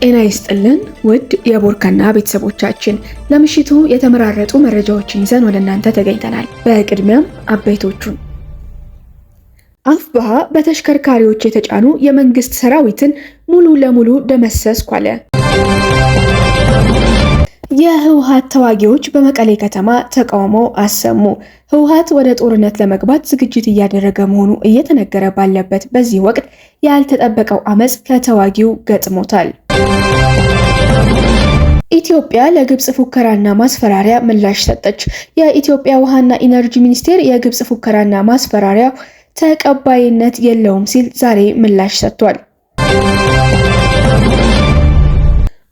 ጤና ይስጥልን ውድ የቦርከና ቤተሰቦቻችን ለምሽቱ የተመራረጡ መረጃዎችን ይዘን ወደ እናንተ ተገኝተናል። በቅድሚያም አበይቶቹን አፍብኃ በተሽከርካሪዎች የተጫኑ የመንግስት ሰራዊትን ሙሉ ለሙሉ ደመሰስኩ አለ። የህወሓት ተዋጊዎች በመቀሌ ከተማ ተቃውሞ አሰሙ። ህወሓት ወደ ጦርነት ለመግባት ዝግጅት እያደረገ መሆኑ እየተነገረ ባለበት በዚህ ወቅት ያልተጠበቀው አመፅ ከተዋጊው ገጥሞታል። ኢትዮጵያ ለግብጽ ፉከራና ማስፈራሪያ ምላሽ ሰጠች። የኢትዮጵያ ውሃና ኢነርጂ ሚኒስቴር የግብጽ ፉከራና ማስፈራሪያ ተቀባይነት የለውም ሲል ዛሬ ምላሽ ሰጥቷል።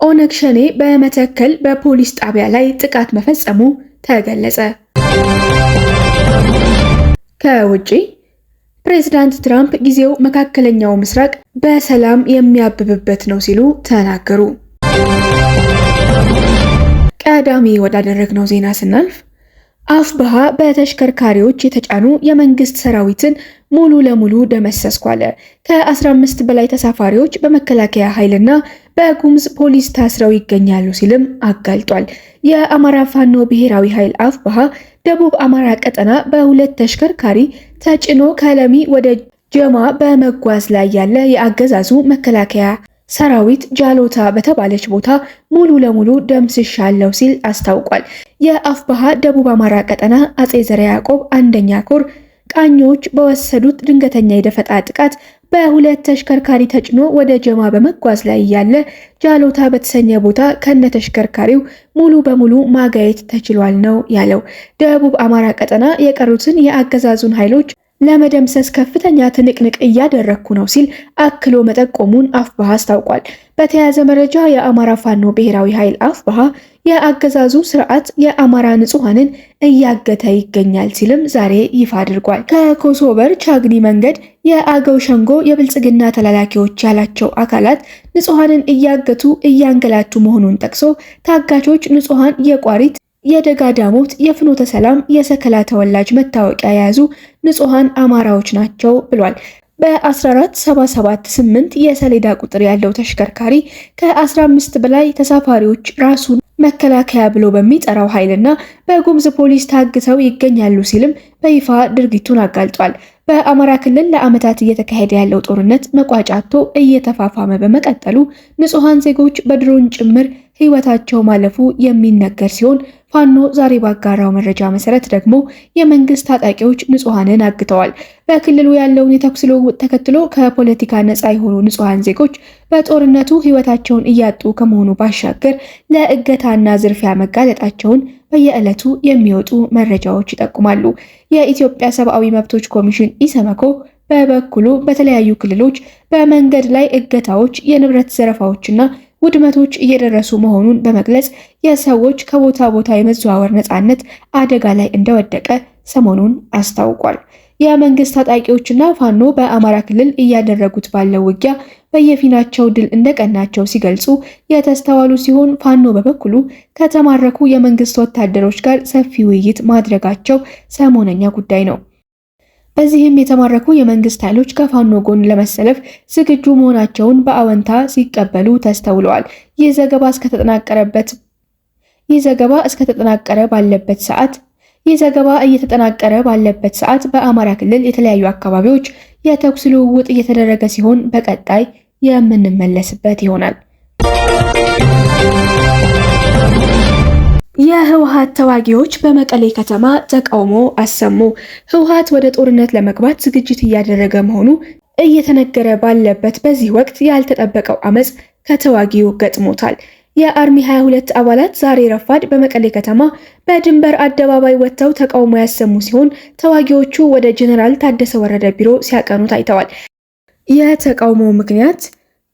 ኦነግ ሸኔ በመተከል በፖሊስ ጣቢያ ላይ ጥቃት መፈጸሙ ተገለጸ። ከውጪ ፕሬዝዳንት ትራምፕ ጊዜው መካከለኛው ምስራቅ በሰላም የሚያብብበት ነው ሲሉ ተናገሩ። ቀዳሚ ወዳደረግነው ዜና ስናልፍ አፍብሃ በተሽከርካሪዎች የተጫኑ የመንግስት ሰራዊትን ሙሉ ለሙሉ ደመሰስኩ አለ። ከ15 በላይ ተሳፋሪዎች በመከላከያ ኃይልና በጉሙዝ ፖሊስ ታስረው ይገኛሉ ሲልም አጋልጧል። የአማራ ፋኖ ብሔራዊ ኃይል አፍብሃ ደቡብ አማራ ቀጠና በሁለት ተሽከርካሪ ተጭኖ ከለሚ ወደ ጀማ በመጓዝ ላይ ያለ የአገዛዙ መከላከያ ሰራዊት ጃሎታ በተባለች ቦታ ሙሉ ለሙሉ ደምስሻለሁ ሲል አስታውቋል። የአፍባሃ ደቡብ አማራ ቀጠና አጼ ዘረ ያዕቆብ አንደኛ ኮር ቃኞች በወሰዱት ድንገተኛ የደፈጣ ጥቃት በሁለት ተሽከርካሪ ተጭኖ ወደ ጀማ በመጓዝ ላይ እያለ ጃሎታ በተሰኘ ቦታ ከነ ተሽከርካሪው ሙሉ በሙሉ ማጋየት ተችሏል ነው ያለው። ደቡብ አማራ ቀጠና የቀሩትን የአገዛዙን ኃይሎች ለመደምሰስ ከፍተኛ ትንቅንቅ እያደረግኩ ነው ሲል አክሎ መጠቆሙን አፍባሃ አስታውቋል። በተያያዘ መረጃ የአማራ ፋኖ ብሔራዊ ኃይል አፍባሃ የአገዛዙ ስርዓት የአማራ ንጹሐንን እያገተ ይገኛል ሲልም ዛሬ ይፋ አድርጓል። ከኮሶበር ቻግኒ መንገድ የአገው ሸንጎ የብልጽግና ተላላኪዎች ያላቸው አካላት ንጹሐንን እያገቱ እያንገላቱ መሆኑን ጠቅሶ ታጋቾች ንጹሐን የቋሪት የደጋ ዳሞት የፍኖተ ሰላም የሰከላ ተወላጅ መታወቂያ የያዙ ንጹሐን አማራዎች ናቸው ብሏል። በ14778 የሰሌዳ ቁጥር ያለው ተሽከርካሪ ከ15 በላይ ተሳፋሪዎች ራሱን መከላከያ ብሎ በሚጠራው ኃይልና በጉምዝ ፖሊስ ታግተው ይገኛሉ ሲልም በይፋ ድርጊቱን አጋልጧል። በአማራ ክልል ለዓመታት እየተካሄደ ያለው ጦርነት መቋጫ አጥቶ እየተፋፋመ በመቀጠሉ ንጹሐን ዜጎች በድሮን ጭምር ሕይወታቸው ማለፉ የሚነገር ሲሆን ፋኖ ዛሬ ባጋራው መረጃ መሰረት ደግሞ የመንግስት ታጣቂዎች ንጹሐንን አግተዋል። በክልሉ ያለውን የተኩስ ልውውጥ ተከትሎ ከፖለቲካ ነፃ የሆኑ ንጹሐን ዜጎች በጦርነቱ ህይወታቸውን እያጡ ከመሆኑ ባሻገር ለእገታና ዝርፊያ መጋለጣቸውን በየዕለቱ የሚወጡ መረጃዎች ይጠቁማሉ። የኢትዮጵያ ሰብአዊ መብቶች ኮሚሽን ኢሰመኮ በበኩሉ በተለያዩ ክልሎች በመንገድ ላይ እገታዎች፣ የንብረት ዘረፋዎችና ውድመቶች እየደረሱ መሆኑን በመግለጽ የሰዎች ከቦታ ቦታ የመዘዋወር ነፃነት አደጋ ላይ እንደወደቀ ሰሞኑን አስታውቋል። የመንግስት ታጣቂዎችና ፋኖ በአማራ ክልል እያደረጉት ባለው ውጊያ በየፊናቸው ድል እንደቀናቸው ሲገልጹ የተስተዋሉ ሲሆን ፋኖ በበኩሉ ከተማረኩ የመንግስት ወታደሮች ጋር ሰፊ ውይይት ማድረጋቸው ሰሞነኛ ጉዳይ ነው። በዚህም የተማረኩ የመንግስት ኃይሎች ከፋኖ ጎን ለመሰለፍ ዝግጁ መሆናቸውን በአወንታ ሲቀበሉ ተስተውለዋል። ይህ ዘገባ እስከተጠናቀረበት ይህ ዘገባ እስከተጠናቀረ ባለበት ሰዓት ይህ ዘገባ እየተጠናቀረ ባለበት ሰዓት በአማራ ክልል የተለያዩ አካባቢዎች የተኩስ ልውውጥ እየተደረገ ሲሆን በቀጣይ የምንመለስበት ይሆናል። የህወሀት ተዋጊዎች በመቀሌ ከተማ ተቃውሞ አሰሙ። ህውሃት ወደ ጦርነት ለመግባት ዝግጅት እያደረገ መሆኑ እየተነገረ ባለበት በዚህ ወቅት ያልተጠበቀው አመፅ ከተዋጊው ገጥሞታል። የአርሚ 22 አባላት ዛሬ ረፋድ በመቀሌ ከተማ በድንበር አደባባይ ወጥተው ተቃውሞ ያሰሙ ሲሆን ተዋጊዎቹ ወደ ጀኔራል ታደሰ ወረደ ቢሮ ሲያቀኑ ታይተዋል። የተቃውሞው ምክንያት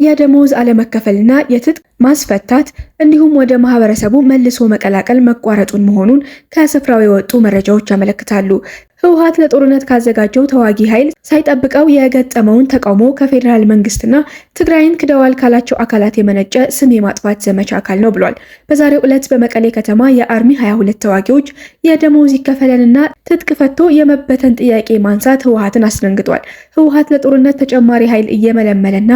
የደሞዝ አለመከፈልና የትጥቅ ማስፈታት እንዲሁም ወደ ማህበረሰቡ መልሶ መቀላቀል መቋረጡን መሆኑን ከስፍራው የወጡ መረጃዎች ያመለክታሉ። ህወሓት ለጦርነት ካዘጋጀው ተዋጊ ኃይል ሳይጠብቀው የገጠመውን ተቃውሞ ከፌዴራል መንግስትና ትግራይን ክደዋል ካላቸው አካላት የመነጨ ስም የማጥፋት ዘመቻ አካል ነው ብሏል። በዛሬው ዕለት በመቀሌ ከተማ የአርሚ 22 ተዋጊዎች የደሞዝ ይከፈለንና ትጥቅ ፈቶ የመበተን ጥያቄ ማንሳት ህወሓትን አስደንግጧል። ህወሓት ለጦርነት ተጨማሪ ኃይል እየመለመለና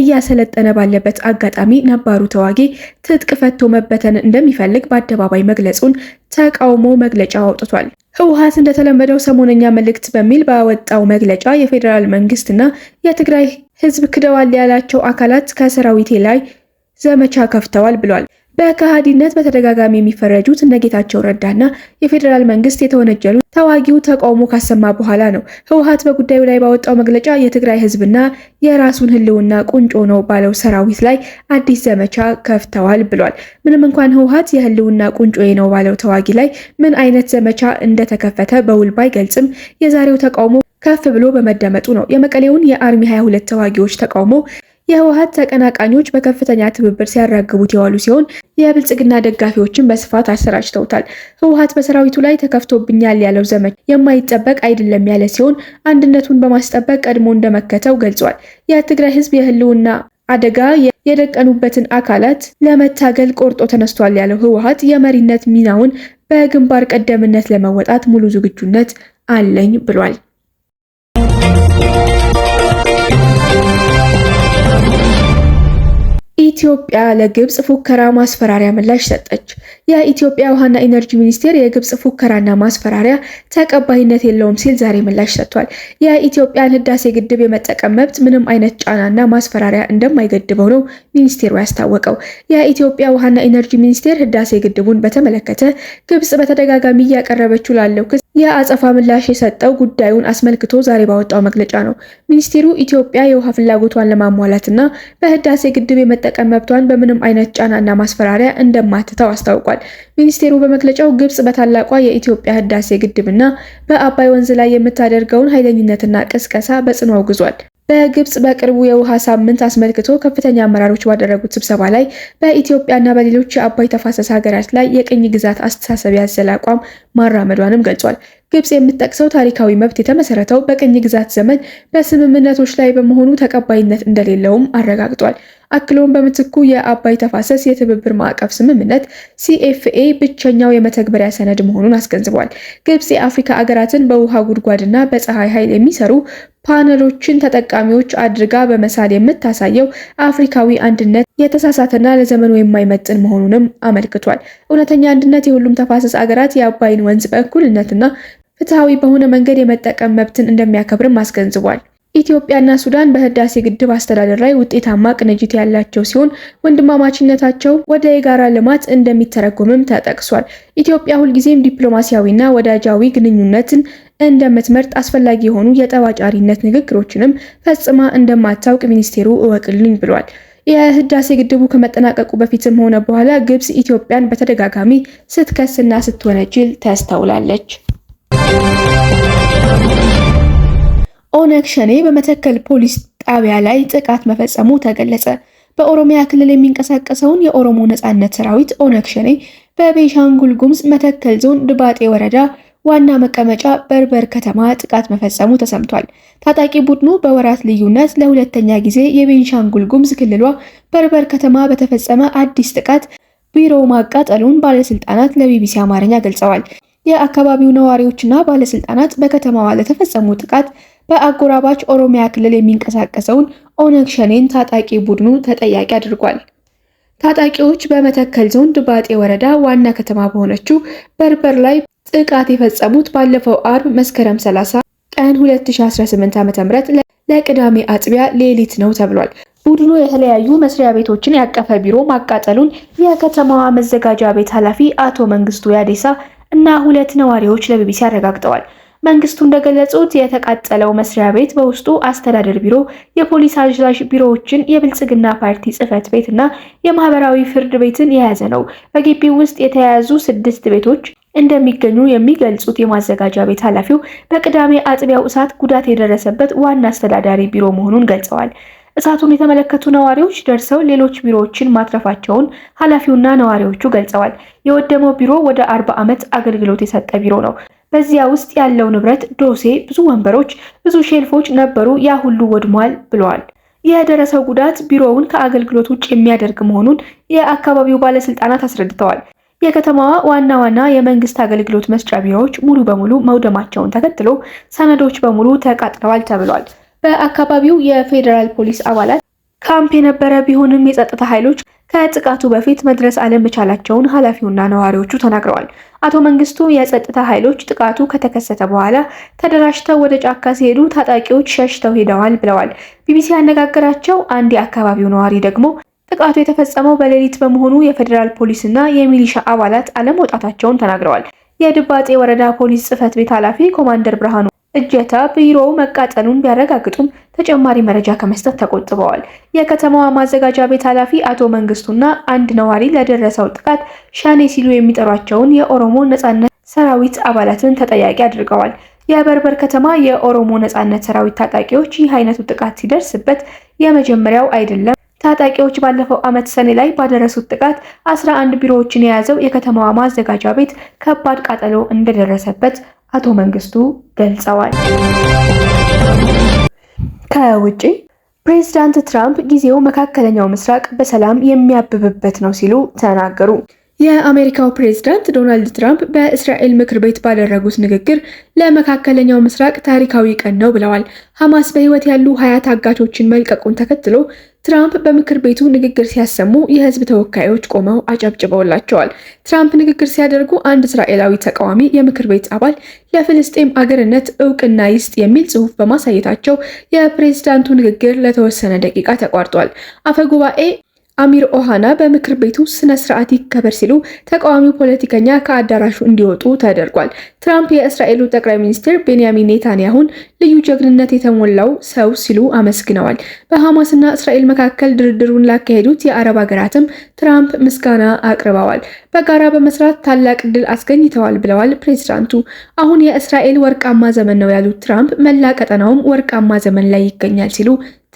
እያሰለጠነ ባለበት አጋጣሚ ነባሩ ተዋጊ ትጥቅ ፈቶ መበተን እንደሚፈልግ በአደባባይ መግለጹን ተቃውሞ መግለጫ አውጥቷል። ህወሓት እንደተለመደው ሰሞነኛ መልእክት በሚል ባወጣው መግለጫ የፌዴራል መንግስትና የትግራይ ህዝብ ክደዋል ያላቸው አካላት ከሰራዊቴ ላይ ዘመቻ ከፍተዋል ብሏል። በከሃዲነት በተደጋጋሚ የሚፈረጁት እነ ጌታቸው ረዳና የፌዴራል መንግስት የተወነጀሉ ተዋጊው ተቃውሞ ካሰማ በኋላ ነው። ህወሀት በጉዳዩ ላይ ባወጣው መግለጫ የትግራይ ህዝብና የራሱን ህልውና ቁንጮ ነው ባለው ሰራዊት ላይ አዲስ ዘመቻ ከፍተዋል ብሏል። ምንም እንኳን ህወሀት የህልውና ቁንጮዬ ነው ባለው ተዋጊ ላይ ምን አይነት ዘመቻ እንደተከፈተ በውል ባይገልጽም የዛሬው ተቃውሞ ከፍ ብሎ በመደመጡ ነው። የመቀሌውን የአርሚ 22 ተዋጊዎች ተቃውሞ የህወሀት ተቀናቃኞች በከፍተኛ ትብብር ሲያራግቡት የዋሉ ሲሆን የብልጽግና ደጋፊዎችን በስፋት አሰራጭተውታል። ህወሀት በሰራዊቱ ላይ ተከፍቶብኛል ያለው ዘመቻ የማይጠበቅ አይደለም ያለ ሲሆን አንድነቱን በማስጠበቅ ቀድሞ እንደመከተው ገልጿል። የትግራይ ህዝብ የህልውና አደጋ የደቀኑበትን አካላት ለመታገል ቆርጦ ተነስቷል ያለው ህወሀት የመሪነት ሚናውን በግንባር ቀደምነት ለመወጣት ሙሉ ዝግጁነት አለኝ ብሏል። ኢትዮጵያ ለግብፅ ፉከራ ማስፈራሪያ ምላሽ ሰጠች። የኢትዮጵያ ውሃና ኢነርጂ ሚኒስቴር የግብፅ ፉከራና ማስፈራሪያ ተቀባይነት የለውም ሲል ዛሬ ምላሽ ሰጥቷል። የኢትዮጵያን ህዳሴ ግድብ የመጠቀም መብት ምንም አይነት ጫናና ማስፈራሪያ እንደማይገድበው ነው ሚኒስቴሩ ያስታወቀው። የኢትዮጵያ ውሃና ኢነርጂ ሚኒስቴር ህዳሴ ግድቡን በተመለከተ ግብፅ በተደጋጋሚ እያቀረበችው ላለው ክስ የአጸፋ ምላሽ የሰጠው ጉዳዩን አስመልክቶ ዛሬ ባወጣው መግለጫ ነው። ሚኒስቴሩ ኢትዮጵያ የውሃ ፍላጎቷን ለማሟላትና በህዳሴ ግድብ የመጠቀም መብቷን በምንም አይነት ጫናና ማስፈራሪያ እንደማትተው አስታውቋል። ተናግረዋል። ሚኒስቴሩ በመግለጫው ግብጽ በታላቋ የኢትዮጵያ ህዳሴ ግድብና በአባይ ወንዝ ላይ የምታደርገውን ኃይለኝነትና ቅስቀሳ በጽኑ አውግዟል። በግብጽ በቅርቡ የውሃ ሳምንት አስመልክቶ ከፍተኛ አመራሮች ባደረጉት ስብሰባ ላይ በኢትዮጵያና በሌሎች የአባይ ተፋሰስ ሀገራት ላይ የቅኝ ግዛት አስተሳሰብ ያዘለ አቋም ማራመዷንም ገልጿል። ግብጽ የምትጠቅሰው ታሪካዊ መብት የተመሰረተው በቅኝ ግዛት ዘመን በስምምነቶች ላይ በመሆኑ ተቀባይነት እንደሌለውም አረጋግጧል። አክሎም በምትኩ የአባይ ተፋሰስ የትብብር ማዕቀፍ ስምምነት ሲኤፍኤ ብቸኛው የመተግበሪያ ሰነድ መሆኑን አስገንዝቧል። ግብጽ የአፍሪካ አገራትን በውሃ ጉድጓድና በፀሐይ ኃይል የሚሰሩ ፓነሎችን ተጠቃሚዎች አድርጋ በመሳል የምታሳየው አፍሪካዊ አንድነት የተሳሳተና ለዘመኑ የማይመጥን መሆኑንም አመልክቷል። እውነተኛ አንድነት የሁሉም ተፋሰስ አገራት የአባይን ወንዝ በእኩልነትና ፍትሐዊ በሆነ መንገድ የመጠቀም መብትን እንደሚያከብርም አስገንዝቧል። ኢትዮጵያና ሱዳን በህዳሴ ግድብ አስተዳደር ላይ ውጤታማ ቅንጅት ያላቸው ሲሆን ወንድማማችነታቸው ወደ የጋራ ልማት እንደሚተረጎምም ተጠቅሷል። ኢትዮጵያ ሁልጊዜም ዲፕሎማሲያዊና ወዳጃዊ ግንኙነትን እንደምትመርጥ አስፈላጊ የሆኑ የጠባጫሪነት ንግግሮችንም ፈጽማ እንደማታውቅ ሚኒስቴሩ እወቅልኝ ብሏል። የህዳሴ ግድቡ ከመጠናቀቁ በፊትም ሆነ በኋላ ግብጽ ኢትዮጵያን በተደጋጋሚ ስትከስና ስትወነጅል ተስተውላለች። ኦነግ ሸኔ በመተከል ፖሊስ ጣቢያ ላይ ጥቃት መፈጸሙ ተገለጸ። በኦሮሚያ ክልል የሚንቀሳቀሰውን የኦሮሞ ነጻነት ሰራዊት ኦነግ ሸኔ በቤኒሻንጉል ጉሙዝ መተከል ዞን ድባጤ ወረዳ ዋና መቀመጫ በርበር ከተማ ጥቃት መፈጸሙ ተሰምቷል። ታጣቂ ቡድኑ በወራት ልዩነት ለሁለተኛ ጊዜ የቤኒሻንጉል ጉሙዝ ክልሏ በርበር ከተማ በተፈጸመ አዲስ ጥቃት ቢሮ ማቃጠሉን ባለስልጣናት ለቢቢሲ አማርኛ ገልጸዋል። የአካባቢው ነዋሪዎችና ባለስልጣናት በከተማዋ ለተፈጸሙ ጥቃት በአጎራባች ኦሮሚያ ክልል የሚንቀሳቀሰውን ኦነግ ሸኔን ታጣቂ ቡድኑ ተጠያቂ አድርጓል። ታጣቂዎች በመተከል ዞን ድባጤ ወረዳ ዋና ከተማ በሆነችው በርበር ላይ ጥቃት የፈጸሙት ባለፈው አርብ መስከረም 30 ቀን 2018 ዓ.ም ለቅዳሜ አጥቢያ ሌሊት ነው ተብሏል። ቡድኑ የተለያዩ መስሪያ ቤቶችን ያቀፈ ቢሮ ማቃጠሉን የከተማዋ መዘጋጃ ቤት ኃላፊ አቶ መንግስቱ ያዴሳ እና ሁለት ነዋሪዎች ለቢቢሲ አረጋግጠዋል። መንግስቱ እንደገለጹት የተቃጠለው መስሪያ ቤት በውስጡ አስተዳደር ቢሮ፣ የፖሊስ አዛዥ ቢሮዎችን፣ የብልጽግና ፓርቲ ጽህፈት ቤት እና የማህበራዊ ፍርድ ቤትን የያዘ ነው። በግቢው ውስጥ የተያያዙ ስድስት ቤቶች እንደሚገኙ የሚገልጹት የማዘጋጃ ቤት ኃላፊው በቅዳሜ አጥቢያው እሳት ጉዳት የደረሰበት ዋና አስተዳዳሪ ቢሮ መሆኑን ገልጸዋል። እሳቱን የተመለከቱ ነዋሪዎች ደርሰው ሌሎች ቢሮዎችን ማትረፋቸውን ኃላፊውና ነዋሪዎቹ ገልጸዋል። የወደመው ቢሮ ወደ አርባ ዓመት አገልግሎት የሰጠ ቢሮ ነው። በዚያ ውስጥ ያለው ንብረት ዶሴ፣ ብዙ ወንበሮች፣ ብዙ ሼልፎች ነበሩ፣ ያ ሁሉ ወድሟል ብለዋል። የደረሰው ጉዳት ቢሮውን ከአገልግሎት ውጭ የሚያደርግ መሆኑን የአካባቢው ባለስልጣናት አስረድተዋል። የከተማዋ ዋና ዋና የመንግስት አገልግሎት መስጫ ቢሮዎች ሙሉ በሙሉ መውደማቸውን ተከትሎ ሰነዶች በሙሉ ተቃጥለዋል ተብሏል። በአካባቢው የፌዴራል ፖሊስ አባላት ካምፕ የነበረ ቢሆንም የጸጥታ ኃይሎች ከጥቃቱ በፊት መድረስ አለመቻላቸውን ኃላፊውና ነዋሪዎቹ ተናግረዋል። አቶ መንግስቱ የጸጥታ ኃይሎች ጥቃቱ ከተከሰተ በኋላ ተደራጅተው ወደ ጫካ ሲሄዱ ታጣቂዎች ሸሽተው ሄደዋል ብለዋል። ቢቢሲ ያነጋገራቸው አንድ የአካባቢው ነዋሪ ደግሞ ጥቃቱ የተፈጸመው በሌሊት በመሆኑ የፌዴራል ፖሊስና የሚሊሻ አባላት አለመውጣታቸውን ተናግረዋል። የድባጤ ወረዳ ፖሊስ ጽፈት ቤት ኃላፊ ኮማንደር ብርሃኑ እጀታ ቢሮው መቃጠሉን ቢያረጋግጡም ተጨማሪ መረጃ ከመስጠት ተቆጥበዋል። የከተማዋ ማዘጋጃ ቤት ኃላፊ አቶ መንግስቱና አንድ ነዋሪ ለደረሰው ጥቃት ሻኔ ሲሉ የሚጠሯቸውን የኦሮሞ ነጻነት ሰራዊት አባላትን ተጠያቂ አድርገዋል። የበርበር ከተማ የኦሮሞ ነጻነት ሰራዊት ታጣቂዎች ይህ አይነቱ ጥቃት ሲደርስበት የመጀመሪያው አይደለም። ታጣቂዎች ባለፈው ዓመት ሰኔ ላይ ባደረሱት ጥቃት 11 ቢሮዎችን የያዘው የከተማዋ ማዘጋጃ ቤት ከባድ ቃጠሎ እንደደረሰበት አቶ መንግስቱ ገልጸዋል። ከውጪ ፕሬዚዳንት ትራምፕ ጊዜው መካከለኛው ምስራቅ በሰላም የሚያብብበት ነው ሲሉ ተናገሩ። የአሜሪካው ፕሬዝዳንት ዶናልድ ትራምፕ በእስራኤል ምክር ቤት ባደረጉት ንግግር ለመካከለኛው ምስራቅ ታሪካዊ ቀን ነው ብለዋል። ሐማስ በሕይወት ያሉ ሀያ ታጋቾችን መልቀቁን ተከትሎ ትራምፕ በምክር ቤቱ ንግግር ሲያሰሙ የህዝብ ተወካዮች ቆመው አጨብጭበውላቸዋል። ትራምፕ ንግግር ሲያደርጉ አንድ እስራኤላዊ ተቃዋሚ የምክር ቤት አባል ለፍልስጤም አገርነት እውቅና ይስጥ የሚል ጽሑፍ በማሳየታቸው የፕሬዝዳንቱ ንግግር ለተወሰነ ደቂቃ ተቋርጧል። አፈጉባኤ አሚር ኦሃና በምክር ቤቱ ስነ ስርዓት ይከበር ሲሉ ተቃዋሚ ፖለቲከኛ ከአዳራሹ እንዲወጡ ተደርጓል። ትራምፕ የእስራኤሉ ጠቅላይ ሚኒስትር ቤንያሚን ኔታንያሁን ልዩ ጀግንነት የተሞላው ሰው ሲሉ አመስግነዋል። በሐማስና እስራኤል መካከል ድርድሩን ላካሄዱት የአረብ ሀገራትም ትራምፕ ምስጋና አቅርበዋል። በጋራ በመስራት ታላቅ ድል አስገኝተዋል ብለዋል ፕሬዚዳንቱ። አሁን የእስራኤል ወርቃማ ዘመን ነው ያሉት ትራምፕ መላ ቀጠናውም ወርቃማ ዘመን ላይ ይገኛል ሲሉ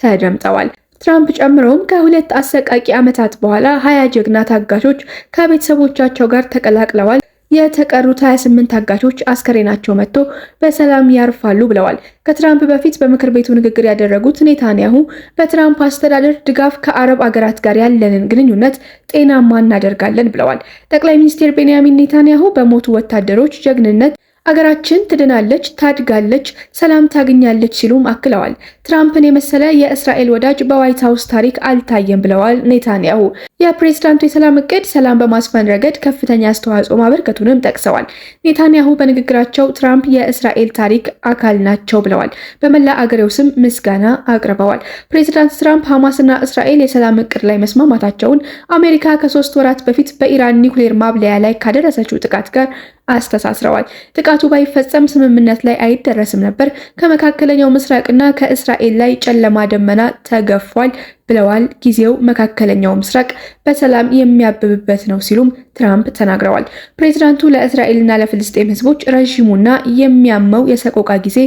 ተደምጠዋል። ትራምፕ ጨምረውም ከሁለት አሰቃቂ ዓመታት በኋላ ሀያ ጀግና ታጋቾች ከቤተሰቦቻቸው ጋር ተቀላቅለዋል። የተቀሩት 28 ታጋቾች አስከሬናቸው መጥቶ በሰላም ያርፋሉ ብለዋል። ከትራምፕ በፊት በምክር ቤቱ ንግግር ያደረጉት ኔታንያሁ በትራምፕ አስተዳደር ድጋፍ ከአረብ አገራት ጋር ያለንን ግንኙነት ጤናማ እናደርጋለን ብለዋል። ጠቅላይ ሚኒስትር ቤንያሚን ኔታንያሁ በሞቱ ወታደሮች ጀግንነት አገራችን ትድናለች፣ ታድጋለች፣ ሰላም ታገኛለች ሲሉም አክለዋል። ትራምፕን የመሰለ የእስራኤል ወዳጅ በዋይት ሀውስ ታሪክ አልታየም ብለዋል ኔታንያሁ። የፕሬዝዳንቱ የሰላም እቅድ ሰላም በማስፈን ረገድ ከፍተኛ አስተዋጽኦ ማበርከቱንም ጠቅሰዋል። ኔታንያሁ በንግግራቸው ትራምፕ የእስራኤል ታሪክ አካል ናቸው ብለዋል። በመላ አገሬው ስም ምስጋና አቅርበዋል። ፕሬዝዳንት ትራምፕ ሐማስና እስራኤል የሰላም እቅድ ላይ መስማማታቸውን አሜሪካ ከሶስት ወራት በፊት በኢራን ኒውክሌር ማብለያ ላይ ካደረሰችው ጥቃት ጋር አስተሳስረዋል። ጥቃቱ ባይፈጸም ስምምነት ላይ አይደረስም ነበር። ከመካከለኛው ምስራቅና ከእስራኤል ላይ ጨለማ ደመና ተገፏል ብለዋል። ጊዜው መካከለኛው ምስራቅ በሰላም የሚያብብበት ነው ሲሉም ትራምፕ ተናግረዋል። ፕሬዚዳንቱ ለእስራኤልና ለፍልስጤም ህዝቦች ረዥሙና የሚያመው የሰቆቃ ጊዜ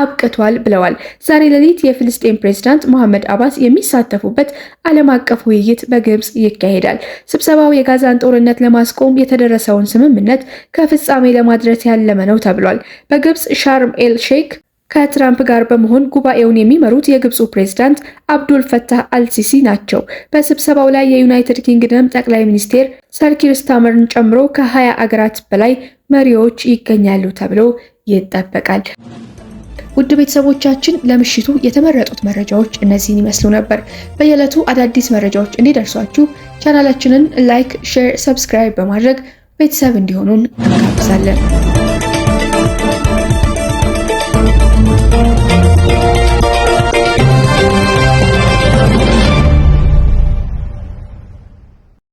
አብቅቷል ብለዋል። ዛሬ ሌሊት የፍልስጤም ፕሬዚዳንት መሐመድ አባስ የሚሳተፉበት ዓለም አቀፍ ውይይት በግብፅ ይካሄዳል። ስብሰባው የጋዛን ጦርነት ለማስቆም የተደረሰውን ስምምነት ከፍ ፍጻሜ ለማድረስ ያለመ ነው ተብሏል። በግብፅ ሻርም ኤል ሼክ ከትራምፕ ጋር በመሆን ጉባኤውን የሚመሩት የግብፁ ፕሬዝዳንት አብዱል ፈታህ አልሲሲ ናቸው። በስብሰባው ላይ የዩናይትድ ኪንግደም ጠቅላይ ሚኒስቴር ሰር ኪር ጨምሮ ከ20 አገራት በላይ መሪዎች ይገኛሉ ተብሎ ይጠበቃል። ውድ ቤተሰቦቻችን ለምሽቱ የተመረጡት መረጃዎች እነዚህን ይመስሉ ነበር። በየዕለቱ አዳዲስ መረጃዎች እንዲደርሷችሁ ቻናላችንን ላይክ፣ ሼር፣ ሰብስክራይብ በማድረግ ቤተሰብ እንዲሆኑን እንጋብዛለን።